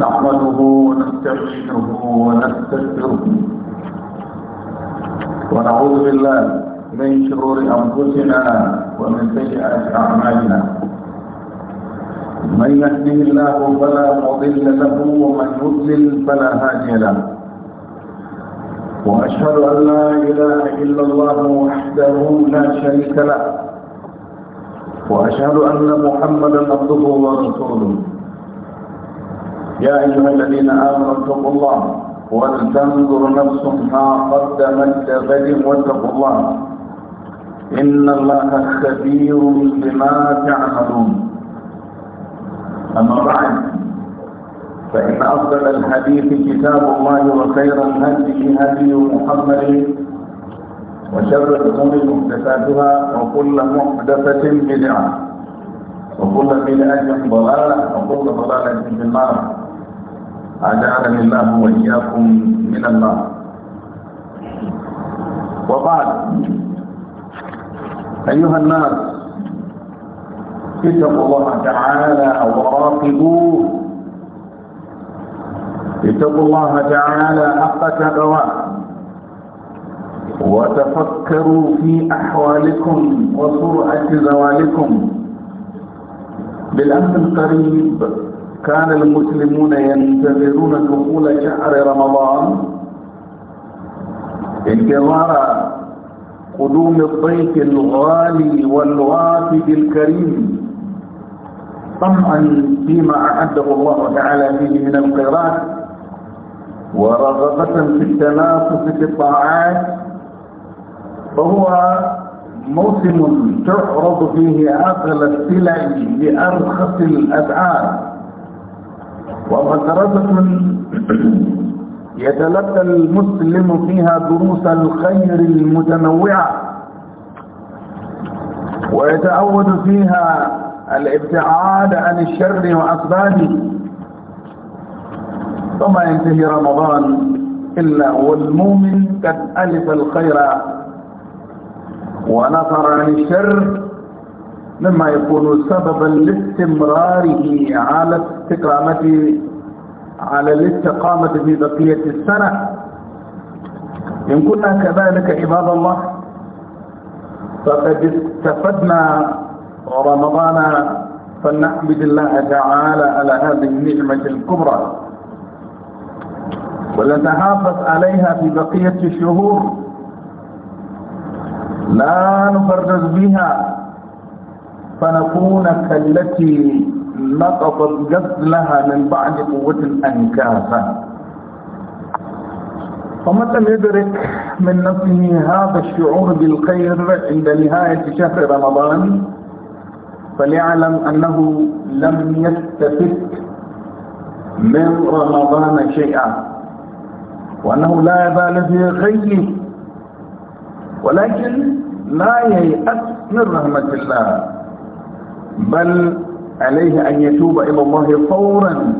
نحمده ونستعينه ونستغفره ونعوذ بالله من شرور انفسنا ومن سيئات اعمالنا من يهده الله فلا مضل له ومن يضلل فلا هادي له واشهد ان لا اله الا الله وحده لا شريك له واشهد ان محمدا عبده ورسوله يا أيها الذين آمنوا اتقوا الله ولتنظر نفس ما قدمت لغد واتقوا الله إن الله خبير بما تعملون أما بعد فإن أفضل الحديث كتاب الله وخير الهدي هدي محمد وشر الأمور محدثاتها وكل محدثة بدعة وكل بدعة ضلالة وكل ضلالة في النار أجعلني الله وإياكم من النار وبعد أيها الناس اتقوا الله تعالى وراقبوه اتقوا الله تعالى حق تقواه وتفكروا في أحوالكم وسرعة زوالكم بالأمس القريب كان المسلمون ينتظرون دخول شهر رمضان انتظار قدوم الضيف الغالي والوافد الكريم طمعا فيما أعده الله تعالى فيه من القراءه ورغبة في التنافس في الطاعات فهو موسم تعرض فيه أغلى السلع بأرخص الأسعار ومدرسة يتلقى المسلم فيها دروس الخير المتنوعة ويتعود فيها الابتعاد عن الشر وأسبابه ثم ينتهي رمضان إلا والمؤمن قد ألف الخير ونصر عن الشر مما يكون سببا لاستمراره على استقامته على الاستقامة في بقية السنة إن كنا كذلك عباد الله فقد استفدنا رمضان فلنحمد الله تعالى على هذه النعمة الكبرى ولنتحافظ عليها في بقية الشهور لا نفرز بها فنكون كالتي نقضت غزلها من بعد قوة أنكاسا فمتى يدرك من نفسه هذا الشعور بالخير عند نهاية شهر رمضان فليعلم أنه لم يستفد من رمضان شيئا وأنه لا يزال في خير ولكن لا ييأس من رحمة الله بل عليه أن يتوب إلى الله فورا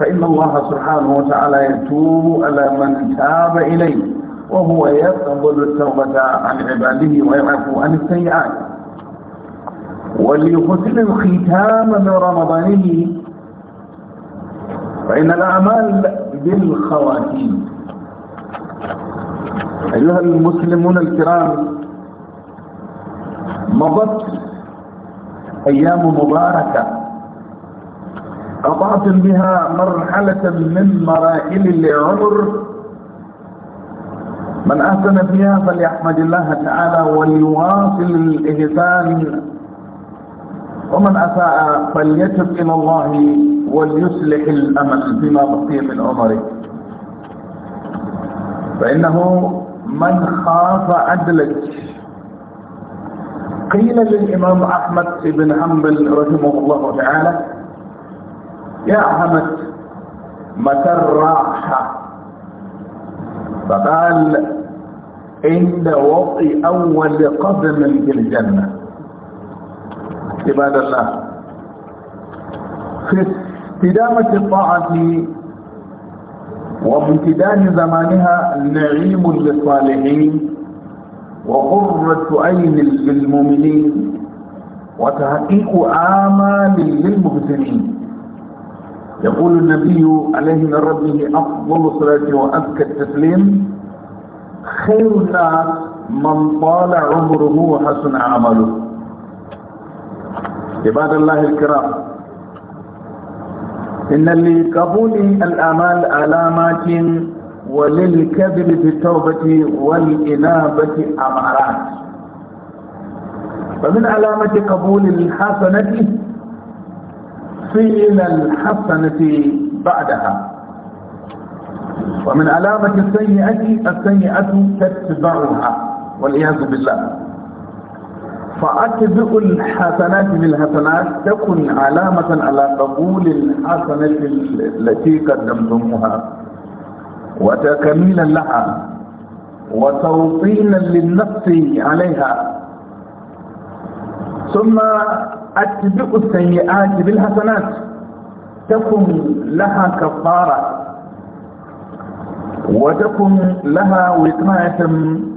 فإن الله سبحانه وتعالى يتوب على من تاب إليه وهو يقبل التوبة عن عباده ويعفو عن السيئات وليحسن الختام من رمضانه فإن الأعمال بالخواتيم أيها المسلمون الكرام مضت أيام مباركة قطعت بها مرحلة من مراحل العمر من أحسن فيها فليحمد الله تعالى وليواصل الإهتان ومن أساء فليتب إلى الله وليصلح الأمل بما بقي من عمره فإنه من خاف عدلك قيل للإمام أحمد بن حنبل رحمه الله تعالى يا أحمد متى الراحة فقال عند وضع أول قدم في الجنة عباد الله في استدامة الطاعة وامتدان زمانها نعيم للصالحين وقرة عين للمؤمنين وتحقيق آمال للمبتلين يقول النبي عليه من ربه أفضل الصلاة وأزكى التسليم خير الناس من طال عمره وحسن عمله عباد الله الكرام إن لقبول الآمال علامات وللكذب بالتوبة والإنابة أمران فمن علامة قبول الحسنة فعل الحسنة بعدها ومن علامة السيئة السيئة تتبعها والعياذ بالله فأتبع الحسنات بالحسنات تكن علامة على قبول الحسنة التي قدمتموها وتكميلا لها وتوطينا للنفس عليها ثم أتبع السيئات بالحسنات تكن لها كفارة وتكن لها وقاية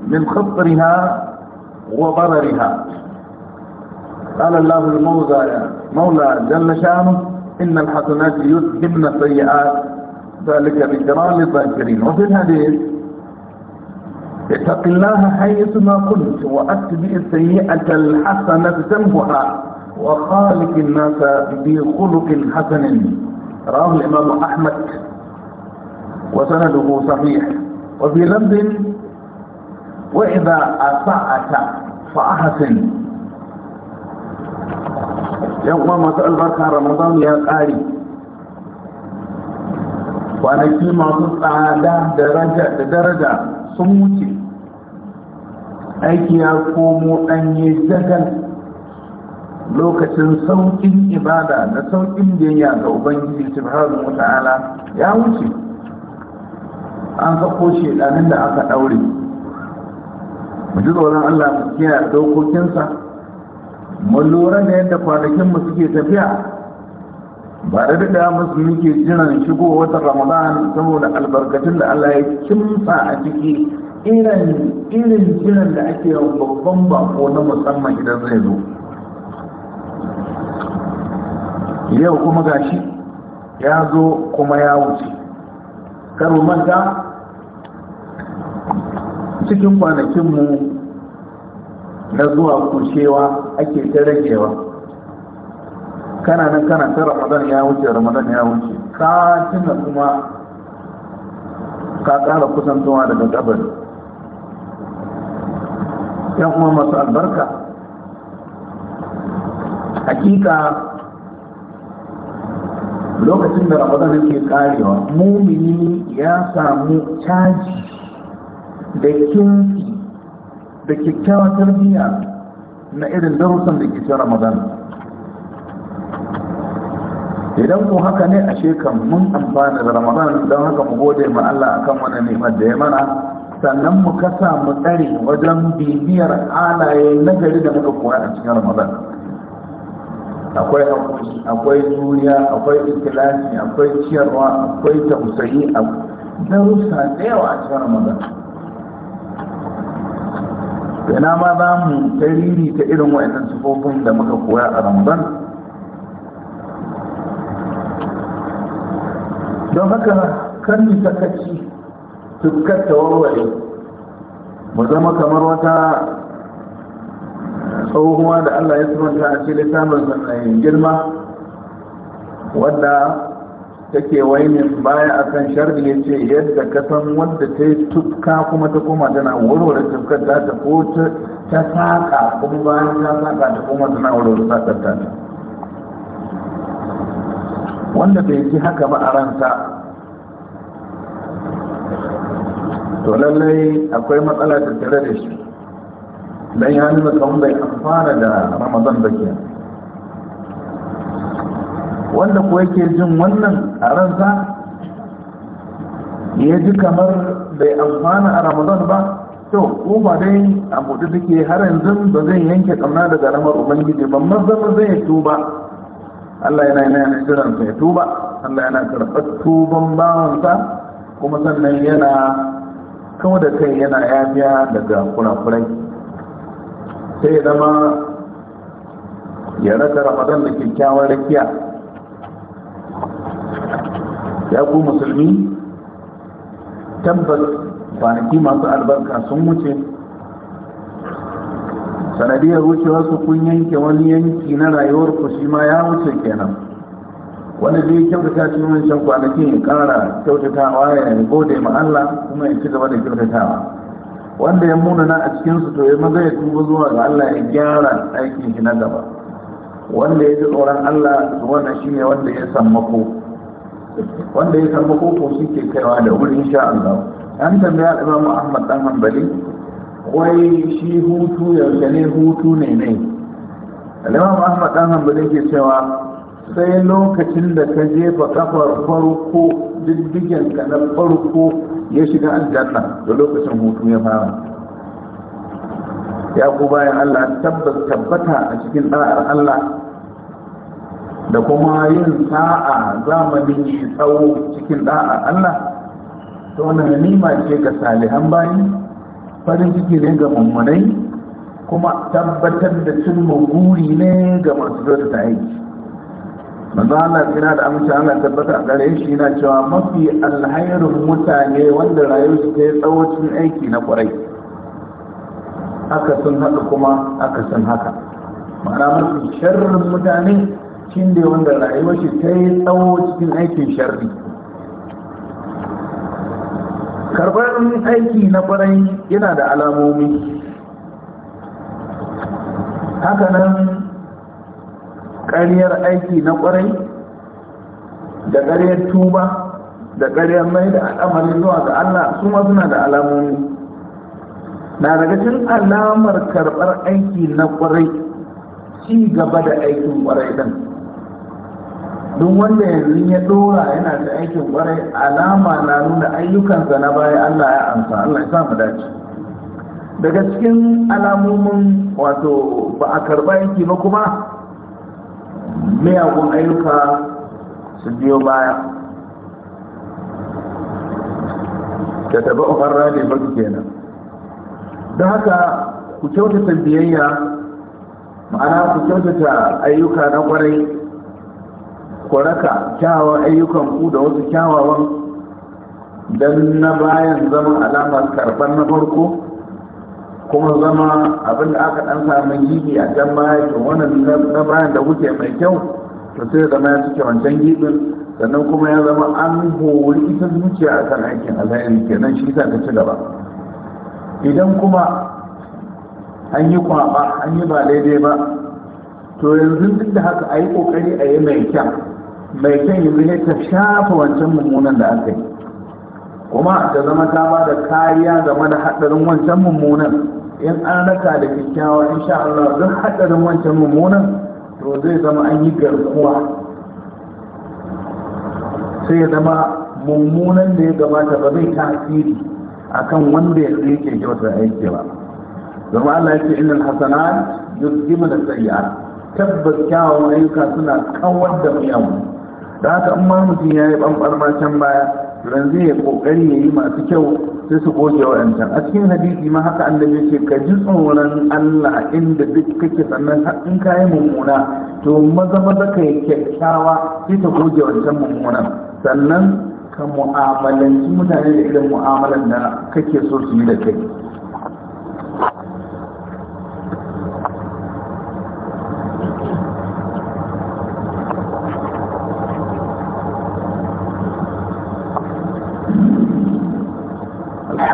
من خطرها وضررها قال الله المولى مولى جل شانه إن الحسنات يذهبن السيئات ذلك بكرام للذاكرين وفي الحديث اتق الله حيث ما كنت واتبع السيئة الحسنة تنبها وخالق الناس بخلق حسن رواه الإمام أحمد وسنده صحيح وفي لفظ وإذا أسأت فأحسن يوم ما سأل بركة رمضان يا قاري kwanaki masu tsada da daraja sun wuce aiki ya komo ɗanye zagal lokacin Saukin ibada da Saukin biyayya ga ubangiji subhanahu wa ta'ala ya wuce an sako shekarun da aka ɗaure mu tsoron allah mu kiyaye dokokinsa mu lura da yadda kwanakinmu suke tafiya ba da daɗa musulmi ke jiran shigo wata ramadan saboda albarkatun da allah ya kimsa a ciki irin irin jiran da ake yawan babban bako na musamman idan zai zo yau kuma gashi ya zo kuma ya wuce karu manta cikin kwanakinmu na zuwa kushewa ake ta ragewa kana nan kana ta ramadan ya wuce ramadan ya wuce ka tuna kuma ka kara kusantowa daga kabari yan kuma masu albarka hakika lokacin da ramadan yake karewa mumini ya samu caji da kinki da kyakkyawa tarbiyya na irin darussan da ke ramadan idan ku haka ne ashe shekan mun amfana da ramadan don haka mu gode ma Allah akan wani ni'imar da ya mana sannan mu kasa mu tsare wajen bibiyar halaye na gari da muka koya a cikin ramadan akwai hakuri akwai juriya akwai ikilasi akwai ciyarwa akwai tausayi darussa da yawa a cikin ramadan ina ma za mu tariri ta irin wa'annan sufofin da muka koya a ramadan don haka kan yi sakaci tukkar ta warware mu zama kamar wata tsohuwa da allah ya ta a cikin samun sanayin girma wadda take wainin baya akan sharri ya ce yadda ka san wadda ta yi tufka kuma ta koma tana warware tufkar ta ta ko ta saka kuma bayan ta saka ta kuma tana warware ta ta wanda bai ji haka ba a ranta, to lallai akwai matsala da tare da shi don ya nuna kawun bai amfana da ramadan da ke wanda kuwa yake jin wannan a ranta ya ji kamar bai amfana a ramadan ba to ko ba dai a mutu take har yanzu ba zai yanke kamna daga ramar ubangiji ba mazama zai tuba Allah yana yana kiran sa ya tuba Allah yana karɓar tuban bawansa kuma sannan yana kawo da kai yana yafiya daga kurakurai sai ya zama ya raka ramadan da kyakkyawar rakiya ya ku musulmi tabbas kwanaki masu albarka sun wuce sanadiyar wasu kun yanke wani yanki na rayuwar ku shi ma ya wuce kenan wanda zai kyautata shi mun shan kwanakin ya kara kyautatawa ya yi gode ma Allah kuma ya ci gaba da kyautatawa wanda ya munana a cikinsu to ya maza ya tuba zuwa ga Allah ya gyara aikin shi na gaba wanda ya ji tsoron Allah wannan shi ne wanda ya mako wanda ya mako ko shi ke kaiwa da wurin sha Allah an tambaya Imam Ahmad dan Hanbali wai shi hutu yaushe ne hutu ne ne alimam ahmad dan hanbali ke cewa sai lokacin da ka jefa kafar farko diddigen ka na farko ya shiga aljanna da lokacin hutu ya fara ya ku bayan allah tabbas tabbata a cikin ɗa'ar allah da kuma yin sa'a zamani tsawo cikin ɗa'ar allah ta wani nima ce ga salihan bayi farin ciki ne ga mummunai kuma tabbatar da cin guri ne ga masu zata ta aiki maza Allah yana da amince Allah tabbata a gare shi yana cewa mafi alhairun mutane wanda rayu su ta yi tsawacin aiki na kwarai haka sun haka kuma haka sun haka ma'ana mafi sharrin mutane shi ne wanda rayuwa shi ta yi tsawo cikin aikin sharri karɓar aiki na ƙwarai yana da alamomi hakanan ƙaryar aiki na ƙwarai da ƙaryar tuba da ƙaryar mai da al'amarin zuwa ga Allah su ma suna da alamomi na daga cin alamar karɓar aiki na ƙwarai ci gaba da aikin ƙwarai ɗin duk wanda yanzu ya dora yana da aikin kwarai alama na nuna ayyukansa na baya Allah ya amsa Allah ya sa mu dace daga cikin alamomin wato ba a karba yanki ba kuma miyagun ayyuka su biyo baya da taba ofar rabe ba kenan don haka ku kyautata biyayya ma'ana ku kyautata ayyuka na kwarai ku raka kyawawan ayyukan ku da wasu kyawawan don na bayan zama alamar karɓar na farko kuma zama abin da aka ɗan samu gibi a can baya to wannan na bayan da kuke mai kyau to sai zama ya cike wancan gibin sannan kuma ya zama an hori ita zuciya a kan aikin alhairi kenan shi ta ci gaba idan kuma an yi kwaba an yi ba daidai ba to yanzu duk da haka a yi kokari a yi mai kyau mai kyan yanzu ne ta shafa wancan mummunan da aka yi kuma ta zama ta ba da kariya game da haɗarin wancan mummunan in an raka da kyakkyawa insha Allah duk haɗarin wancan mummunan to zai zama an yi garkuwa sai ya zama mummunan da ya gabata ba zai tasiri akan wanda ya rike kyautar aiki ba zama Allah ya ce innal hasanat yuzhibu as-sayyi'at tabbas kyawawan ayyuka suna kawar da miyawu da haka in ma mutum ya yi ɓanɓar can baya zai ya ƙoƙari ya yi masu kyau sai su goge wa'ancan a cikin hadisi ma haka annabi ce ka ji tsoron Allah inda duk kake sannan in kayan mummuna to maza maza ka yi kyakkyawa sai ka goge wancan mummuna sannan ka mu'amalanci mutane da irin mu'amalan da kake so su yi da kai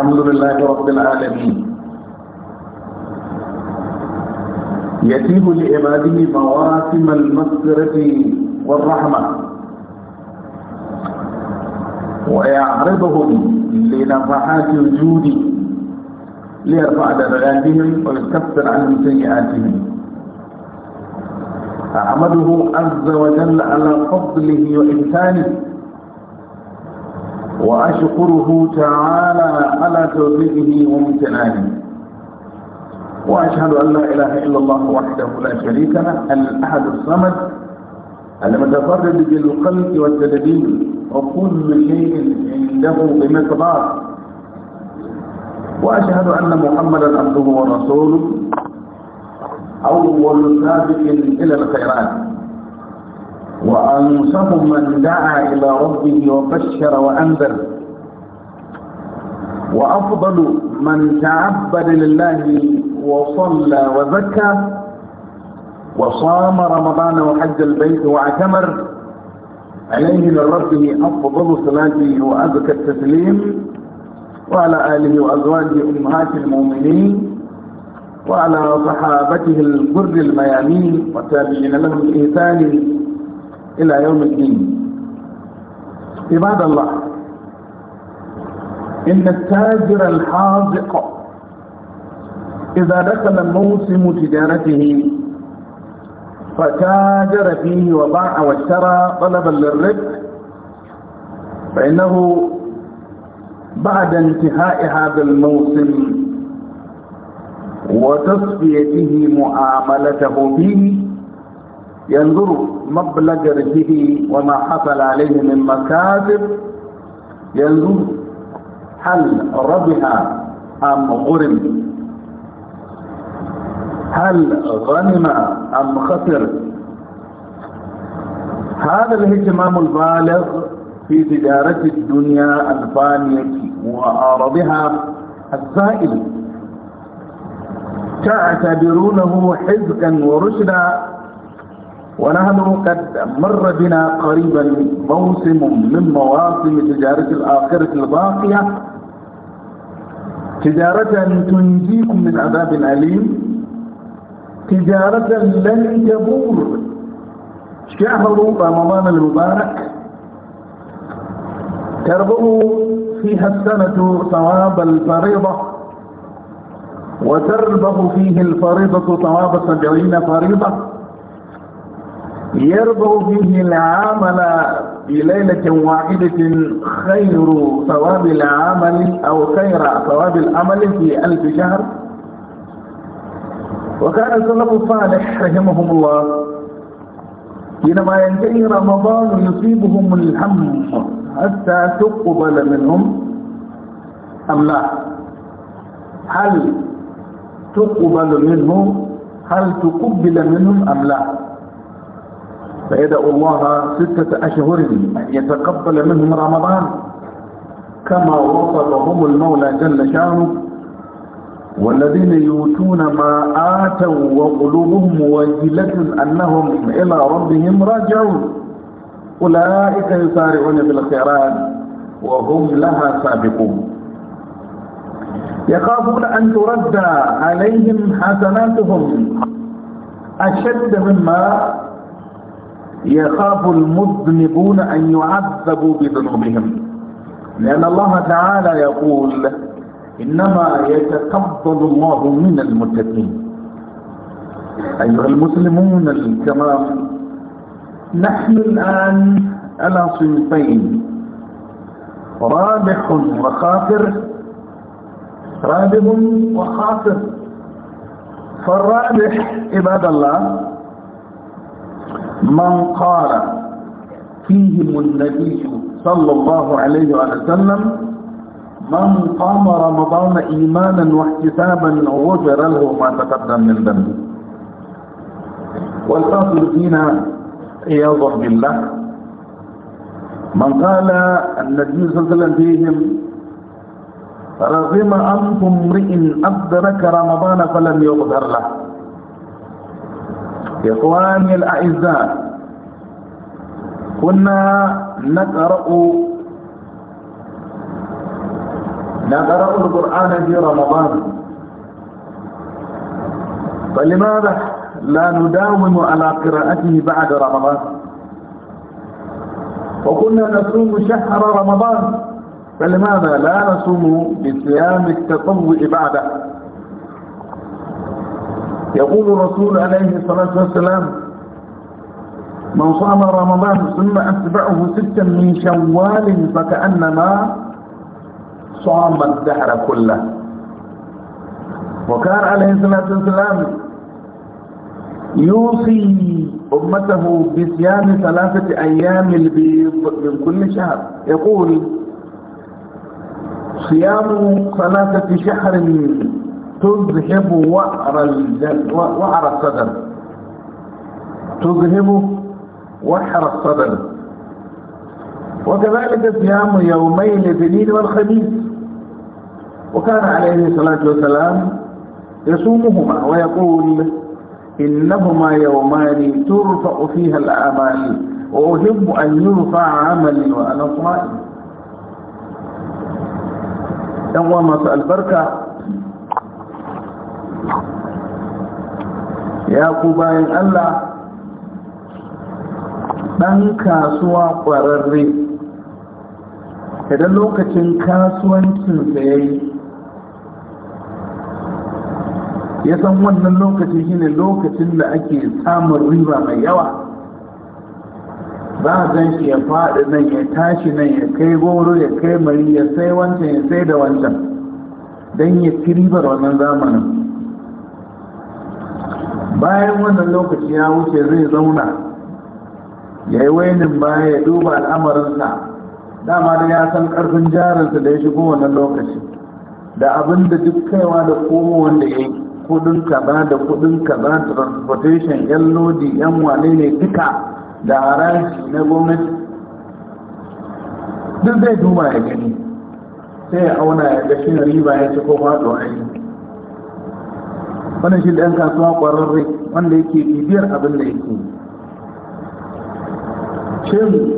الحمد لله رب العالمين يتيب لعباده مواسم المغفرة والرحمة ويعرضهم لنفحات الجود ليرفع درجاتهم ويكفر عنهم سيئاتهم أحمده عز وجل على فضله وإنسانه وأشكره تعالى على توفيقه وامتنانه وأشهد أن لا إله إلا الله وحده لا شريك له الأحد الصمد المتفرد بالخلق والتدبير وكل شيء عنده بمقدار وأشهد أن محمدا عبده ورسوله أول سابق إلى الخيرات وأنصف من دعا إلى ربه وبشر وأنذر وأفضل من تعبد لله وصلى وزكى وصام رمضان وحج البيت واعتمر عليه من ربه أفضل صلاته وأزكى التسليم وعلى آله وأزواجه أمهات المؤمنين وعلى صحابته البر الميامين والتابعين لهم بإحسان إلى يوم الدين عباد الله إن التاجر الحاذق إذا دخل موسم تجارته فتاجر فيه وباع واشترى طلبا للربح فإنه بعد انتهاء هذا الموسم وتصفيته معاملته فيه ينظر مبلغ رجله وما حصل عليه من مكاسب ينظر هل ربح أم غرم هل غنم أم خسر هذا الاهتمام البالغ في تجارة الدنيا الفانية وآرضها الزائل تعتبرونه حزقا ورشدا ونحن قد مر بنا قريبا موسم من مواسم تجارة الآخرة الباقية تجارة تنجيكم من عذاب أليم تجارة لن تبور شهر رمضان المبارك تربو فيها السنة ثواب الفريضة وتربه فيه الفريضة ثواب سبعين فريضة يربع فيه العمل في ليلة واحدة خير ثواب العمل أو خير ثواب العمل في ألف شهر وكان السلف الصالح رحمهم الله حينما ينتهي رمضان يصيبهم الهم حتى تقبل منهم أم لا هل تقبل منهم هل تقبل منهم أم لا فيدعو الله ستة أشهر أن يتقبل منهم رمضان كما وصفهم المولى جل شانه والذين يؤتون ما آتوا وقلوبهم وجلة أنهم إلى ربهم راجعون أولئك يسارعون في الخيرات وهم لها سابقون يخافون أن ترد عليهم حسناتهم أشد مما يخاف المذنبون أن يعذبوا بذنوبهم لأن الله تعالى يقول إنما يتقبل الله من المتقين أيها المسلمون الكرام نحن الآن على صنفين رابح وخاسر رابح وخاسر فالرابح عباد الله من قال فيهم النبي صلى الله عليه وسلم من قام رمضان إيمانا واحتسابا غفر له ما تقدم من ذنبه والفاصل فينا عياذا بالله من قال النبي صلى الله عليه وسلم فيهم رغم أنف امرئ أدرك رمضان فلم يغفر له إخواني الأعزاء كنا نقرأ نقرأ القرآن في رمضان فلماذا لا نداوم على قراءته بعد رمضان وكنا نصوم شهر رمضان فلماذا لا نصوم بصيام التطوع بعده يقول الرسول عليه الصلاة والسلام من صام رمضان ثم أتبعه ستا من شوال فكأنما صام الدهر كله وكان عليه الصلاة والسلام يوصي أمته بصيام ثلاثة أيام البيض من كل شهر يقول صيام ثلاثة شهر تذهب وعر وعر الصدر تذهب وحر الصدر وكذلك صيام يومين الاثنين والخميس وكان عليه الصلاة والسلام يصومهما ويقول إنهما يومان ترفع فيها الأعمال وأحب أن يرفع عملي وأنا صائم. يوم البركة ya ku bayan allah ɗan kasuwa ƙwararre idan lokacin kasuwancinsa ya yi ya san wannan lokacin shine lokacin da ake samun riba mai yawa Ba a shi ya faɗi nan ya tashi nan ya kai goro ya kai mari ya sai wancan ya sai da wancan don ya ci ribar wannan zamanin bayan wannan lokaci ya wuce zai zauna ya yi wainin baya ya duba al'amarinsa dama da ya san ƙarfin jarinsa da ya shigo wannan lokaci da abin da duk kaiwa da komo wanda ya yi kudin kaza da kudin kaza transportation yan lodi yan wane ne duka da haraji na gwamnati duk zai duba ya gani sai ya auna ya ga shi riba ya ci ko faɗo aiki wannan shi da yan kasuwa kwararre wanda yake bibiyar abin da yake shin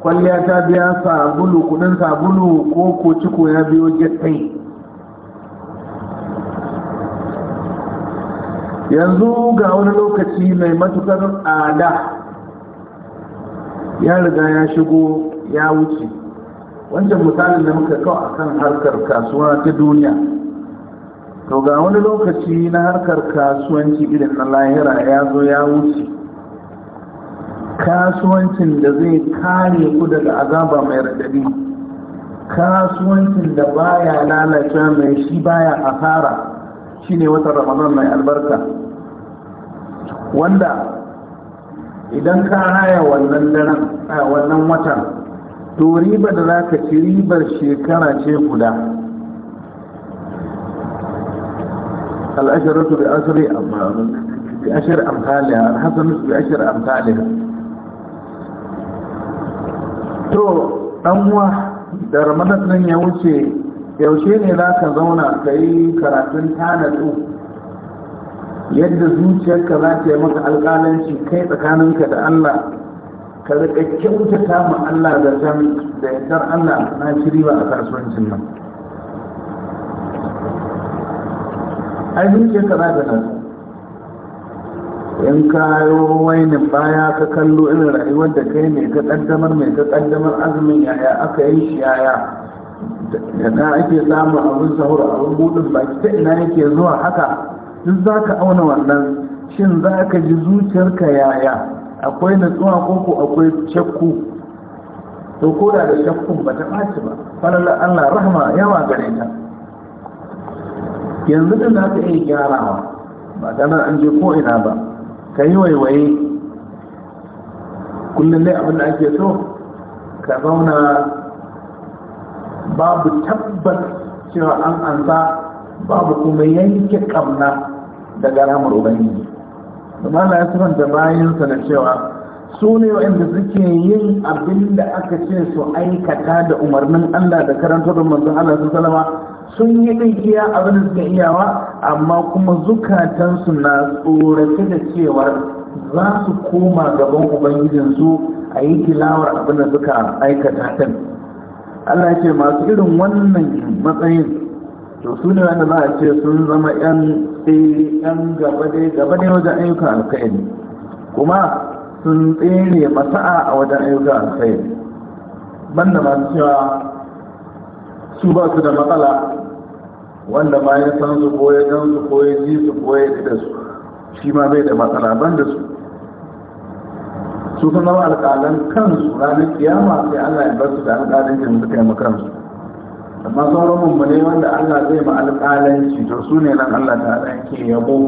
kwalliya ta biya sabulu kudin sabulu ko ko ciko ya biyo jittai yanzu ga wani lokaci mai matukar tsada ya riga ya shigo ya wuce wancan misalin da muka kawo kan harkar kasuwa ta duniya to ga wani lokaci na harkar kasuwanci irin na lahira ya zo ya wuce kasuwancin da zai kare ku daga azaba mai radadi kasuwancin da baya lalata mai shi baya asara shine watan ramadan mai albarka wanda idan ka haya wannan daren a wannan watan to riba da za ka ci ribar shekara ce guda الأجرة بأجر بأجر أمثالها الحسنة بأجر أمثالها to ɗanwa da ramadan nan ya wuce yaushe ne za ka zauna ka yi karatun tanadu yadda zuciyarka za ta yi maka alƙalanci kai tsakaninka da allah ka riƙa kyautata ma allah da yardar allah na shiri ba a kasuwancin nan ai zuciyar ka za da nan. in kayo wani baya ka kallo irin rayuwar da kai mai ka ɗaddamar mai ka ɗaddamar azumin yaya aka yi shi yaya da na ake samun abin sahur abin budin baki ta ina yake zuwa haka duk za ka auna wannan shin za ka ji zuciyarka yaya akwai natsuwa koko akwai cakku to koda da shakkun ba ta ɓaci ba falala allah rahma yawa gare ta yanzu da za ka iya gyarawa ba ganar an je ko ina ba ka yi waiwaye kullum dai abin ake so ka zauna babu tabbas cewa an ansa babu kuma yanke kamna daga ramar ubangiji kuma na ya da bayansa na cewa su ne waɗanda suke yin abin da aka ce su aikata da umarnin allah da karantar manzon allah su salama sun yi ɗinkiya abin da iyawa amma kuma zukatansu na tsorace da cewar za su koma gaban ubangijinsu a yi tilawar abin da suka aikata kan allah ce masu irin wannan matsayin to su ne wanda za a ce sun zama yan yan gaba ne wajen ayyukan alkhairi kuma sun tsere masa'a a wajen ayyukan alkhairi banda masu cewa su ba su da matsala wanda ma ya san su ko ya su ko ji su koye da su shi ma bai da matsala ban da su su zama alƙalan kansu ranar kiyama sai Allah ya bar su da kan su kai makansu amma sauran mummune wanda Allah zai ma shi to su ne nan Allah ta ke yabo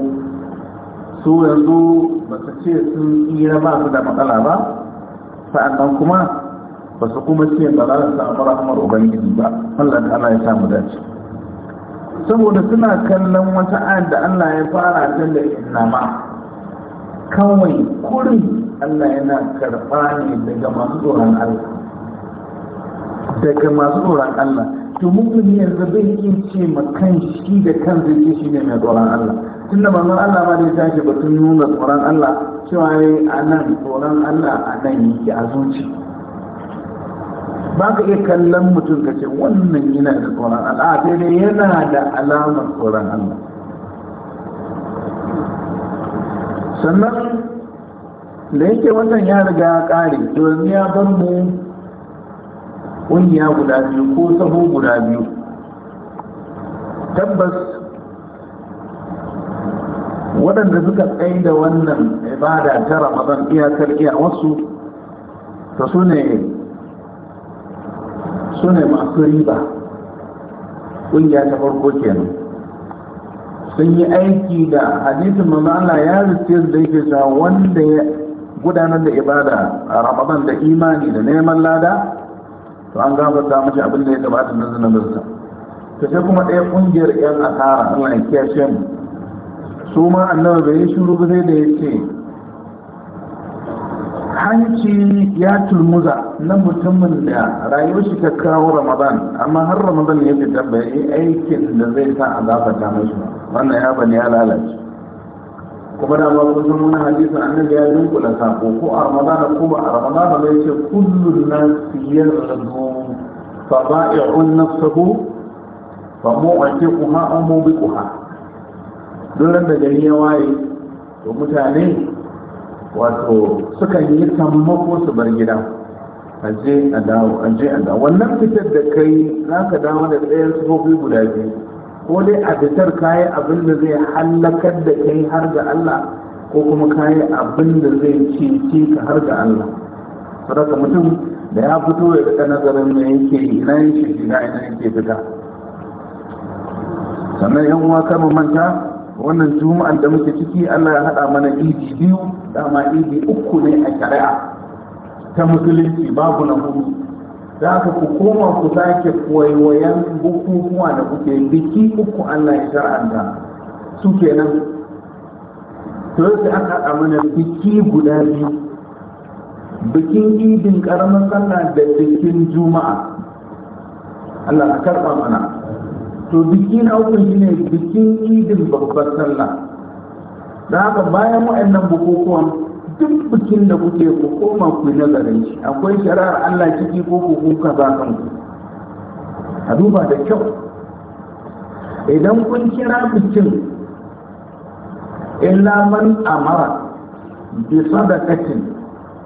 su yanzu ba su ce sun tsira ba su da matsala ba sa'an kuma ba su kuma ce ba za su samu rahmar ubangiji ba Allah ta Allah ya samu dace saboda suna kallon wata ayat da Allah ya fara ta da innama kawai kurin Allah yana karɓa ne daga masu tsoron Allah daga masu Allah to mutum yanzu bai yi ce ma kan shi da kan zai shi ne mai tsoron Allah tun da manzon Allah ma zai tashi batun nuna tsoron Allah cewa ne a nan tsoron Allah a nan yake a zuci ba ka iya kallon mutum ka ce wannan yana da tsoron Allah sai dai yana da alamar tsoron Allah sannan da yake wannan ya riga ya kare to ya bar mu ƙungiya guda biyu ko saho guda biyu tabbas waɗanda suka tsaye da wannan ibada ta ramadan iyakar iya wasu ta sune. su ne masu riba ƙungiya ta farko kenan sun yi aiki da hadisin manzo Allah ya riske su da yake cewa wanda ya gudanar da ibada a Ramadan da imani da neman lada to an ta mace abin da ya gabata na zunubinsa ta sai kuma ɗaya ƙungiyar 'yan asara Allah ya kiyashe mu su ma annabi bai yi shiru da ya ce hanci ya tulmuza na mutumin da rayuwar shi ta kawo ramadan amma har ramadan ya fita yi aikin da zai sa a ta mashi wannan ya bane ya lalace kuma da ba kun san wani hadisin ya dunkula sako ko a ramadan ko ba a ramadan bai ce kullu nasi yarzu fa nafsuhu fa mu'atiquha duk da gari ya waye to mutane wato sukan yi sammako su bar gida aje a dawo aje a dawo wannan fitar da kai za ka dawo da tsayin tsofi guda biyu ko dai a fitar kayi abin da zai hallakar da kai har ga Allah ko kuma kayi abin da zai cece ka har ga Allah saboda mutum da ya fito ya rika nazarin me yake ina yake ina yake fita sannan yan uwa kar mu manta wannan juma'an da muke ciki Allah ya hada mana idi biyu dama idi uku ne a shari'a ta musulunci babu na hudu za ka ku koma ku sake waiwayen bukukuwa da kuke biki uku Allah ya shar'anta su kenan to yadda aka haɗa mana biki guda biyu bikin idin karamin sallah da bikin juma'a Allah ka karɓa mana to biki na uku shine bikin idin babbar sallah da haka bayan wa'annan bukukuwan duk bikin da kuke ku koma ku nazarin shi akwai shari'ar Allah ciki ko ku kuka za ku a duba da kyau idan kun kira bikin illa man amara bi sadaqatin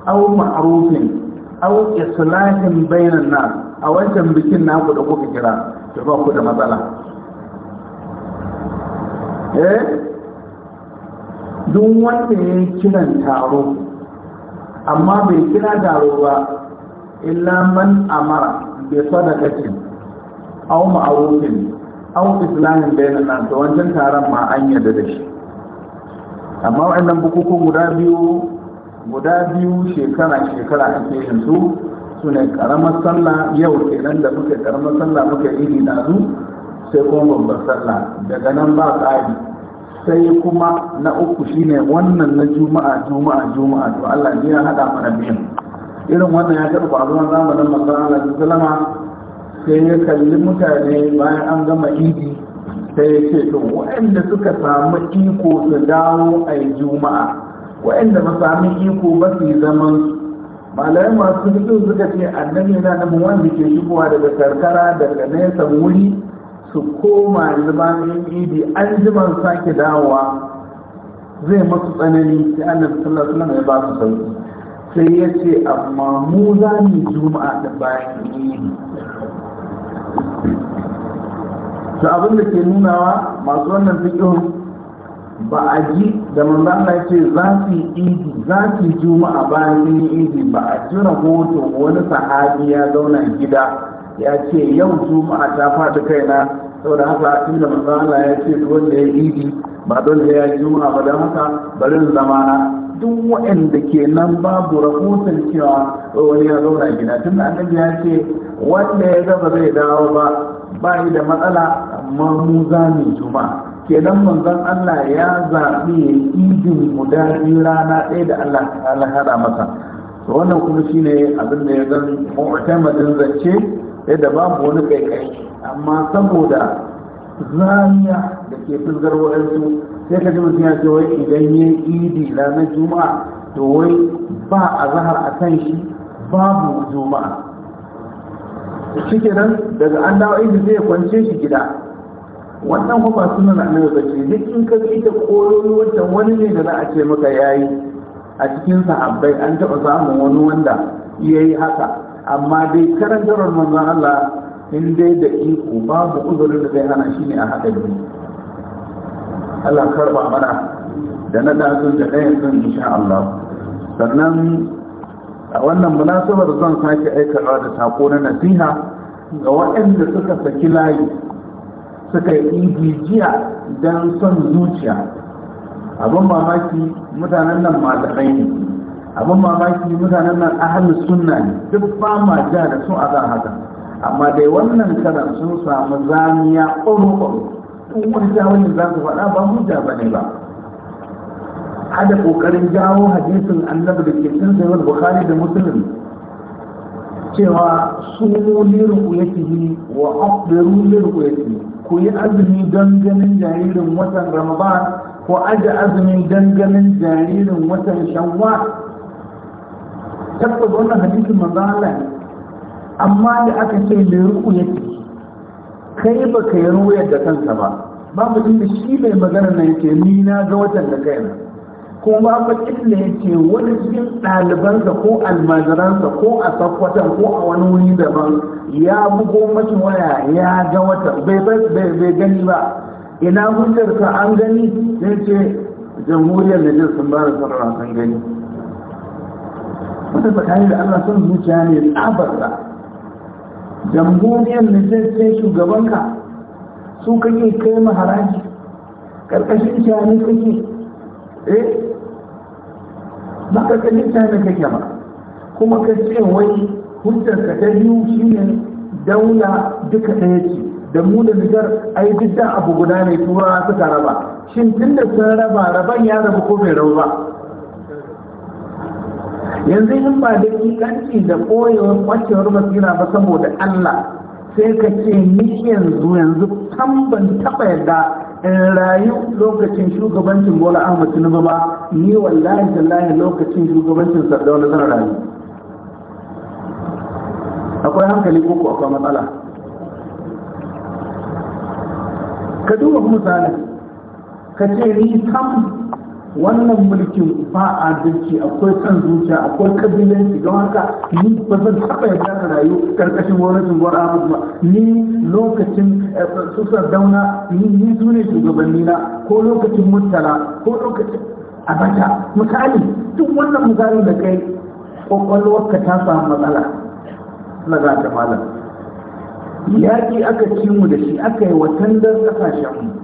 aw ma'rufin aw islahin bainan nas a wancan bikin naku da kuka kira to ba ku da matsala eh duk wanda ya yi kiran taro amma bai kina taro ba illa man amara bai sadakacin au ma'arufin au islamin bayan nan da wancan taron ma an yarda da shi amma wa'annan bukukun guda biyu guda biyu shekara shekara a yin su su ne karamar sallah yau kenan da muke karamar sallah muke iri na su sai kuma babbar sallah daga nan ba tsari sai kuma na uku shine wannan na juma'a juma'a juma'a to Allah ya hada mana biyan irin wannan ya taɓa faruwa zamanin manzon Allah sallama sai ya kalli mutane bayan an gama idi sai ya ce to waɗanda suka samu iko su dawo a juma'a waɗanda ba sami iko ba su yi zaman malamai masu rikin suka ce annabi na nan wanda ke shigowa daga karkara daga nesa wuri su koma yanzu idi an jiman sake dawowa zai masu tsanani sai annabi sallallahu alaihi wasallam ya ba su sauki sai ya ce amma mu za mu juma'a da bayan idi to abin da ke nunawa masu wannan fiqh ba a ji da manzan Allah ce za su yi idi za su juma'a bayan idi ba a jira rahoton wani sahabi ya zauna gida ya ce yau juma'a ta faɗi kaina saboda haka tunda manzo Allah ya ce wanda ya idi ba dole ya yi zuwa ba don haka bari zama na duk waɗanda ke nan babu rahoton cewa wani ya zauna gida tun da annabi ya ce wanda ya zaba zai dawo ba ba da matsala amma mu za mu juma'a kenan manzon Allah ya zaɓi ya idin mu rana ɗaya da Allah ta hada masa wannan kuma shine abin da ya zan mu'tamadin zance yadda babu wani kai-kai, amma saboda zaniya da ke fizgar waɗansu sai ka ji mutum ya idan ya yi idi ranar juma'a to wai ba a zahar a kan shi babu juma'a shi nan, daga an dawo idi zai kwance shi gida wannan kuma ba na annabi ba duk in ka ji ta koyoyi wancan wani ne da za a ce maka yayi a cikin sahabbai an taɓa samun wani wanda ya yi haka amma dai karantarwar manzon Allah in dai da iko babu uzurin da zai hana shi ne a haɗa biyu Allah karba mana da na dazun da ɗayan sun insha Allah sannan a wannan munasabar zan sake aikawa da sako na nasiha ga waɗanda suka saki layi suka yi jiya don son zuciya abin mamaki mutanen nan ma malamai ne abin mamaki mutanen nan ahalin sunna ne duk ba ma ja da sun a zan haka amma dai wannan karan sun samu zamiya ƙoro-ƙoro duk wani za su faɗa ba hujja ba ne ba hada ƙoƙarin jawo hadisin annabi da ke cin sayar bukari da musulun cewa su lirin uyatihi wa afdiru lirin uyatihi ku yi azumi don ganin jaririn watan ramadan ko aje azumin don ganin jaririn watan shawwal tabbata wannan hadisin manzon Allah ne amma da aka ce mai ruku ya ce kai ba ka yi ruwayar da kansa ba babu inda shi bai magana na yake ni na ga watan da kai ko babu inda yake wani cikin ɗalibansa ko almajiransa ko a sakwatan ko a wani wuri daban ya bugo mashi waya ya ga watan bai gani ba ina ka an gani sai ce jamhuriyar Nijar sun ba da sun gani wata tsakani da Allah son zuciya ne tsabarsa jamhuriyar nijar sai shugabanka su kake kai maharaji ƙarƙashin shani kake eh ba karkashin shani kake ba kuma ka ce wai ka ta biyu shine daula duka ɗaya ce da mu da nijar a duk da abu guda ne tura suka raba shin tun da sun raba raban ya rabu ko bai rabu ba yanzu in ba da kikanci da koyewar kwacewar basira ba saboda Allah sai ka ce ni yanzu yanzu Tamban ban taɓa yadda in rayu lokacin shugabancin Bola Ahmad Tinubu ba ni wallahi tallahi lokacin shugabancin na zan rayu akwai hankali koko akwai matsala ka duba misalin ka ce ni sam wannan mulkin ba adalci akwai kan zuciya akwai kabilanci don haka ni ba zan taɓa yadda na rayu karkashin wani gwar ahmad ba ni lokacin eh, susar dauna ni su ne shugabanni na ko lokacin murtala ko lokacin abata misali duk wannan misali da kai ka ta samu matsala na za ta malam yaƙi aka ci da shi aka yi watan don ƙasashen mu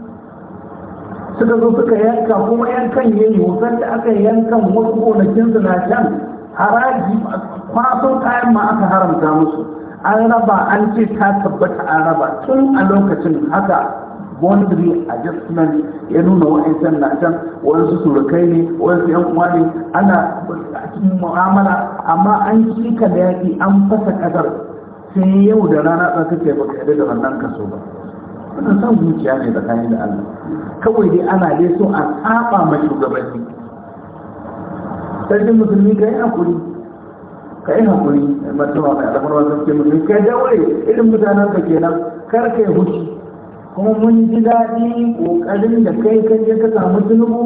suka zo suka yanka kuma yankan ya yi wasan da aka yanka wasu gonakin su na can haraji kwaso kayan ma aka haramta musu an raba an ce ta tabbata an raba tun a lokacin haka boundary adjustment ya nuna wa'ancan na can wasu surukai ne wasu yan uwa ne ana cikin mu'amala amma an cika da yaƙi an fasa ƙasar sai yau da rana tsaka ce baka yadda da wannan kaso ba suna son zuciya ne kayan da Allah kawai dai ana dai so a saba ma shugabanni sarkin musulmi ka yi hakuri ka yi hakuri martaba mai alamar wasu ke musulmi ka daure irin mutanen ka kenan kar ka yi huci kuma mun ji daɗi ƙoƙarin da kai kan je ka samu zunubu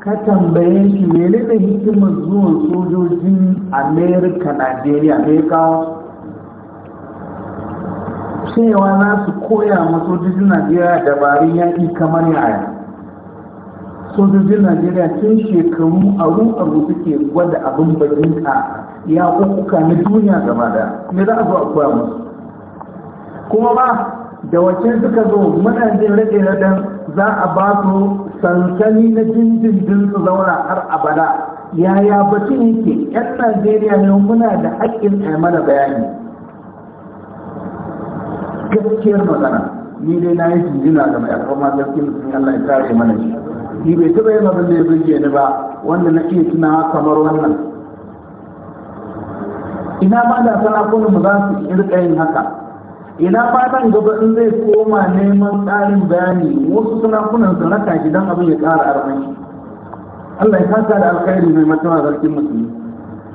ka tambaye shi mene da hikimar zuwan sojojin amerika najeriya amerikawa cewa na su koya ma sojojin najeriya dabarun yaƙi kamar yaya sojojin najeriya tun shekaru a aru suke gwada abin ka ya kuka na duniya gaba da me za a zo a koya musu kuma ba da wacce suka zo muna jin rage radan za a ba su sansani na jinjin su zauna har abada yaya batun yake yan najeriya ne muna da haƙƙin a mana bayani gaskiyar magana ni dai na yi tunjina ga mai alfama gaskiyar mutum Allah ya kare mana shi ni bai taɓa yin abin da ya burge ni ba wanda na iya tunawa kamar wannan ina ba da sarakunan mu za su irka yin haka ina ba da gaba in zai koma neman tsarin bayani wasu sunakunan su raka gidan don abin ya ƙara armashi Allah ya kasa da alkhairi mai matawa zarkin musulmi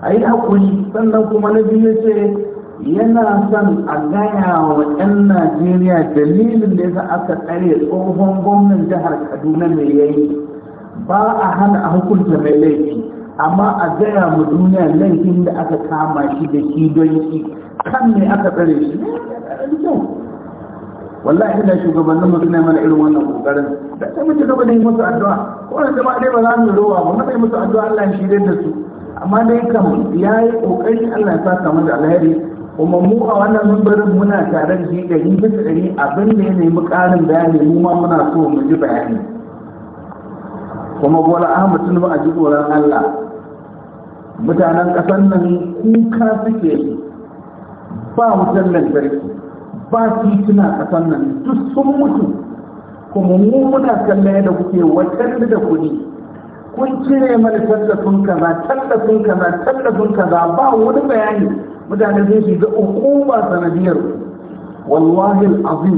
a yi haƙuri sannan kuma na biyu ya ce yana son a gaya wa 'yan najeriya dalilin da yasa aka tsare tsohon gwamnan jihar kaduna mai yayi ba a hana a hukunta mai laifi amma a gaya mu duniya laifin da aka kama shi da shi don shi kan ne aka tsare shi wallahi da shugabannin mu suna mana irin wannan kokarin da sai mu ci gaba da yi musu addu'a wannan jama'a dai ba za mu rowa ba mu sai musu addu'a Allah ya shirye da su amma dai kam yayi kokari Allah ya saka mu da alheri kuma mu a wannan mambarin muna tare da shi ɗari bisa ɗari abin da ya nemi ƙarin bayani mu ma muna so mu ji bayani kuma bola ahmad ba a ji tsoron allah mutanen ƙasar nan kuka suke ba wutar lantarki ba tituna ƙasar nan duk sun mutu kuma mu muna kallon yadda kuke wajen da kuɗi kun cire mana tallafin kaza tallafin kaza tallafin kaza ba wani bayani mutane sun shiga hukuma sanadiyar wallahi azim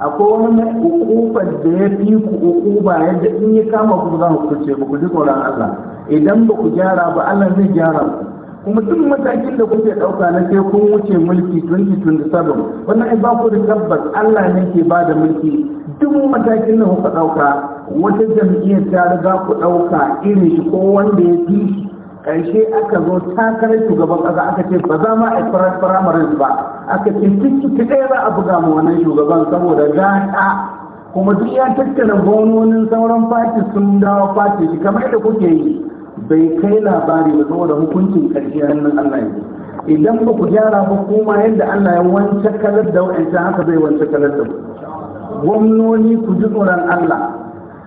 akwai wani hukubar da ya fi ku hukuma yadda in ya kama ku za ku kuce ku ji tsoron Allah idan ba ku gyara ba Allah zai gyara ku kuma duk matakin da kuke dauka na sai kun wuce mulki 2027 wannan ai ba ku da tabbas Allah ne ke ba da mulki duk matakin da kuka dauka wata jam'iyyar ta riga ku dauka irin shi ko wanda ya fi shi ƙarshe aka zo takarar shugaban ƙasa aka ce ba za ma a firamarin ba aka ce cikin ɗaya za a buga mu wannan shugaban saboda gata kuma duk ya tattara gononin sauran fati sun dawo fati shi kamar da kuke yi bai kai labari ba saboda hukuncin ƙarshe hannun Allah ya idan ba ku gyara ba kuma yadda Allah ya wance kalar da wa'ancan haka zai wance kalar da ku gwamnoni ku ji tsoron Allah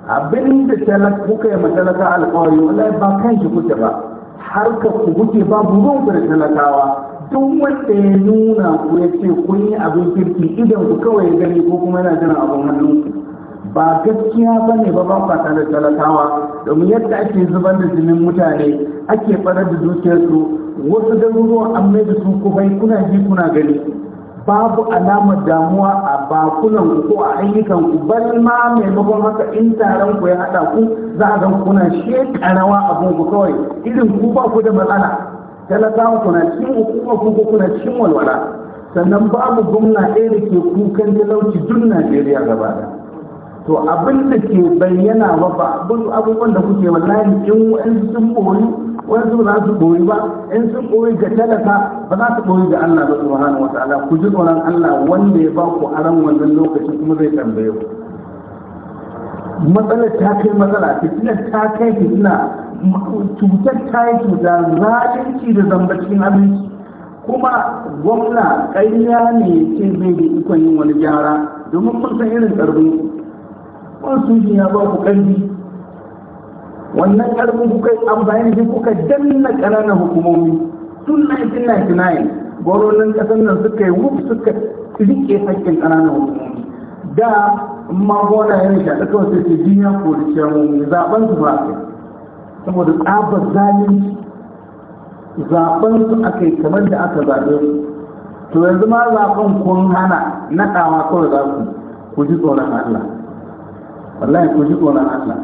abin da kuka yi matalaka alkawari wallahi ba kan shi kuke ba har ka ku wuce babu zo ku talakawa duk wanda ya nuna ku ya ce kun yi abin kirki idan ku kawai gani ko kuma yana jiran abin hannu ba gaskiya ba ne ba ba da talakawa domin yadda ake zubar da jinin mutane ake farar da su wasu garuruwan an mai da su kuma kuna ji kuna gani babu alamar damuwa a bakunan ko a ayyukan ku bari ma maimakon haka in taron ku ya hada ku za a ga kuna shekarawa abun ku kawai irin ku ba ku da matsala talakawa kuna cikin hukuma ku ko kuna cin walwala sannan babu gwamna ɗaya da ke kukan talauci duk najeriya gaba ɗaya to abin da ke bayyana ba ba abubuwan da kuke wallahi in wa'in sun wani wa'in za su boyi ba in sun boyi ga talaka ba za su boyi ga Allah ba subhanahu wa ta'ala ku ji tsoron Allah wanda ya ba ku aran wannan lokaci kuma zai tambaye ku matsalar ta kai matsala fitina ta kai fitina cutar ta yi cuta zalunci da zambacin abinci kuma gwamna ƙarya ne ce zai da ikon yin wani gyara domin mun san irin ƙarfin constitution ya ba ku ƙarfi wannan ƙarfin kuka yi amfani da kuka danna ƙananan hukumomi tun 1999 gwamnonin ƙasar nan suka yi wuf suka rike hakkin ƙananan hukumomi da magona ya nisha da kawai sai sai biya ko da mai zaɓen su ba a saboda tsabar zalunci zaɓen su aka yi kamar da aka zaɓe su to yanzu ma zaɓen kun hana naɗawa kawai za ku ku ji tsoron Allah wallahi ku ji tsoron Allah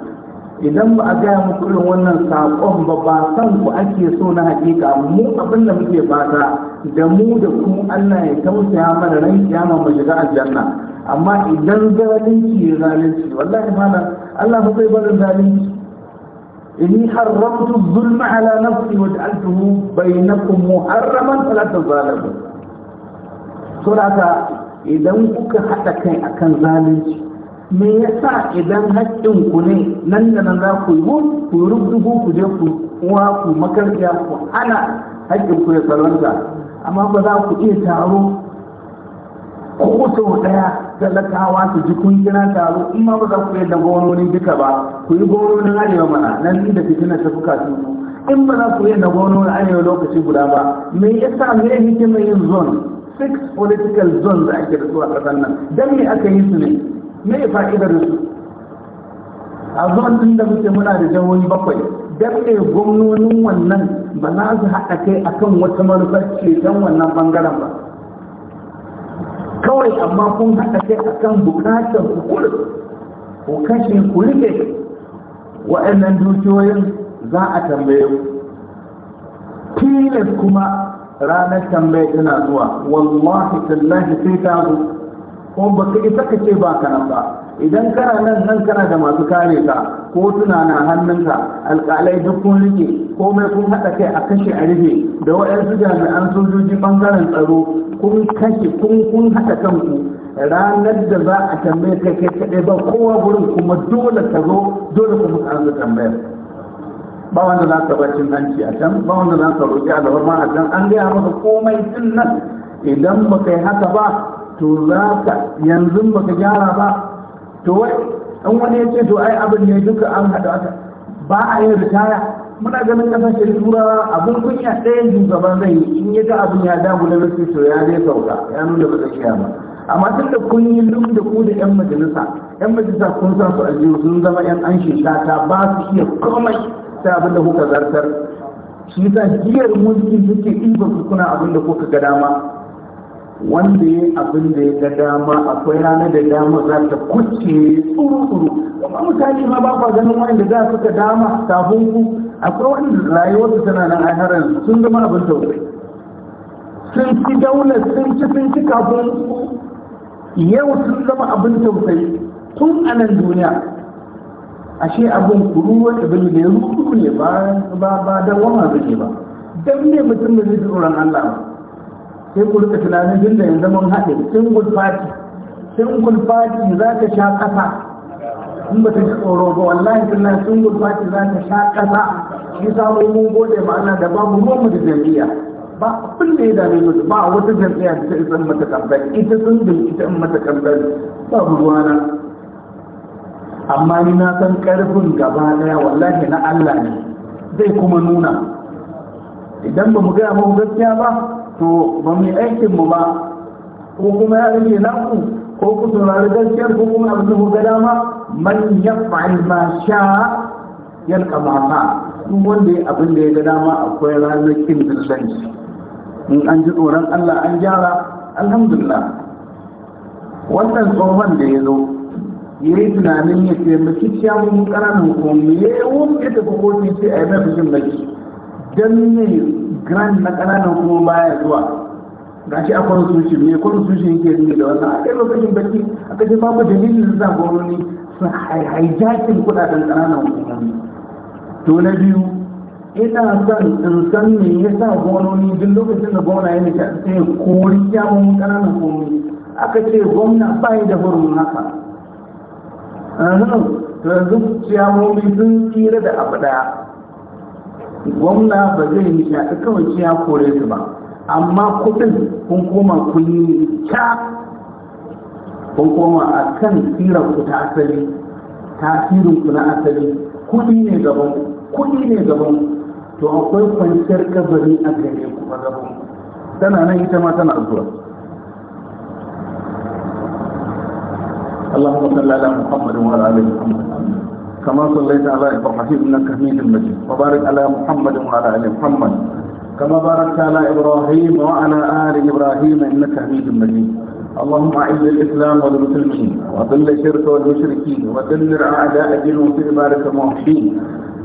idan ba a gaya muku irin wannan saƙon ba ba san ku ake so na hakika mu abin da muke fata da mu da ku Allah ya tausaya mana ran kiyama mu shiga aljanna amma idan zalunci ya zalunci wallahi malam Allah ba zai bar zalunci inni haramtu zulma ala nafsi wa ja'altuhu bainakum muharraman fala tazalimu saboda idan kuka hada kai akan zalunci me yasa idan haƙƙin ku ne nan da nan za ku yi ku rubdugu ku je ku uwa ku makarta ku ana haƙƙin ku ya tsaronta amma ba za ku iya taro ko sau ɗaya talakawa su ji kun kira taro in ma ba za ku iya da wani duka ba ku yi na arewa mana nan da fitina ta fuka su in ba za ku iya da wani arewa lokaci guda ba me yasa me hikimar yin zone six political zones da ake da su a ƙasar nan don me aka yi su ne me ya fa'idar su a zuwan din da muke muna da jawoyi bakwai dan ne gwamnonin wannan ba za su haɗa kai kan wata manufar ceton wannan ɓangaren ba kawai amma kun haɗa kai akan bukatar hukur ku kashe ku rike wa'annan dukiyoyin za a tambaye ku tilas kuma ranar tambaye tana zuwa wallahi tallahi sai ta ba ka isa ka ce ba ka nan ba idan kana nan nan kana da masu kare ka ko tuna na hannunka alƙalai duk kun rike komai kun haɗa kai a kashe a rufe da waɗansu jami'an sojoji ɓangaren tsaro kun kashe kun kun haɗa kanku ranar da za a tambaye kai kai kaɗai ba kowa gurin kuma dole ka zo dole kuma ka zo tambayar ba wanda za ka bacin hanci a can ba wanda za ka roƙi a gaba ma a can an gaya maka komai tun nan idan ba kai haka ba to za ka yanzu ba ka gyara ba to wai an wani ya ce to ai abin ne duka an hada aka ba a yin ritaya muna ganin kasashen turawa abin kunya ɗaya shugaban zai in ya ga abin ya damu na rasu to ya zai sauka ya nuna ba zai ba amma tun da kun yi lum da ku da 'yan majalisa 'yan majalisa kun sa su aljihu sun zama 'yan an shekata ba su iya komai sai abin da kuka zartar shi sa jiyar mulki suke ɗiba su kuna abin da kuka ga dama wanda ya abin da ya ga dama akwai rana da dama za ta kuce tsuru-tsuru kuma mutane ma ba ba ganin da za su ka dama kafin ku akwai wani da tana nan aiharan sun zama abin tausayi sun ci daular sun ci sun ci kafin yau sun zama abin tausayi tun a nan duniya ashe abin wata bin da ya rutu ne ba ba da wama zai ba dan ne mutum da zai tsoron Allah ba sai ku rika tunanin din da yanzu mun haɗe single party single party za ka sha ƙasa in ba ta ji tsoro ba wallahi billahi single party za ka sha ƙasa shi samu mun gode ma Allah da babu mu da jam'iyya ba abin da ya dame musu ba wata jam'iyya da ta isa mata kamfani ita sun bin ita in mata kamfani babu ruwana amma ni na san ƙarfin gaba ɗaya wallahi na Allah ne zai kuma nuna idan ba mu gaya mu gaskiya ba to ba mu aikin mu ba ko kuma ya rage naku ko ku saurari gaskiyar ko kuma abin da ga dama man fa'il ma sha ya ma duk wanda ya abin da ya ga dama akwai ranar kin in an ji tsoron Allah an gyara alhamdulillah wannan tsohon da ya zo ya yi tunanin ya taimaki ciyamun ƙananan kuma ya yi wuce da kokoki sai a yi mafi jin baki don ne grand na ƙananan kuma baya zuwa ga shi a constitution ne constitution yake ne da wannan a kai lokacin baki a kashe babu dalilin da gwamnati sun haijakin kudaden ƙananan hukumomi to na biyu ina son in san me yasa gwamnati duk lokacin da gwamna ya nika sai kori kyawun ƙananan hukumomi aka ce gwamna ba yi da hurun haka yanzu ciyawomi sun tsira da abu daya gwamna ba zai yi shaɗi kawai ya kore su ba amma kuɗin kun koma kun yi ta, kun koma a kan tsirar ku ta asali tasirin ku na asali kuɗi ne gaban kuɗi ne gaban to akwai kwanciyar kabari a gare ku ba gaban tana nan ita ma tana zuwa اللهم صل على محمد وعلى ال محمد كما صليت على إبراهيم إنك حميد مجيد وبارك على محمد وعلى آل محمد كما باركت على إبراهيم وعلى آل إبراهيم إنك حميد مجيد اللهم أعز الإسلام والمسلمين وأذل الشرك والمشركين ودمر أعداء الدين وانصر بارك الموحدين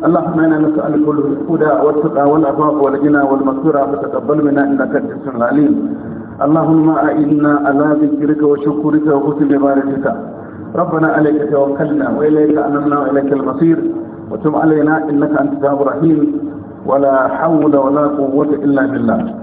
اللهم انا نسالك الهدى والتقى والعفاف والغنى والمغفره فتقبل منا انك انت العليم اللهم اعنا على ذكرك وشكرك وحسن عبادتك ربنا عليك توكلنا وإليك أمنا وإليك المصير وتب علينا إنك أنت التواب الرحيم ولا حول ولا قوة إلا بالله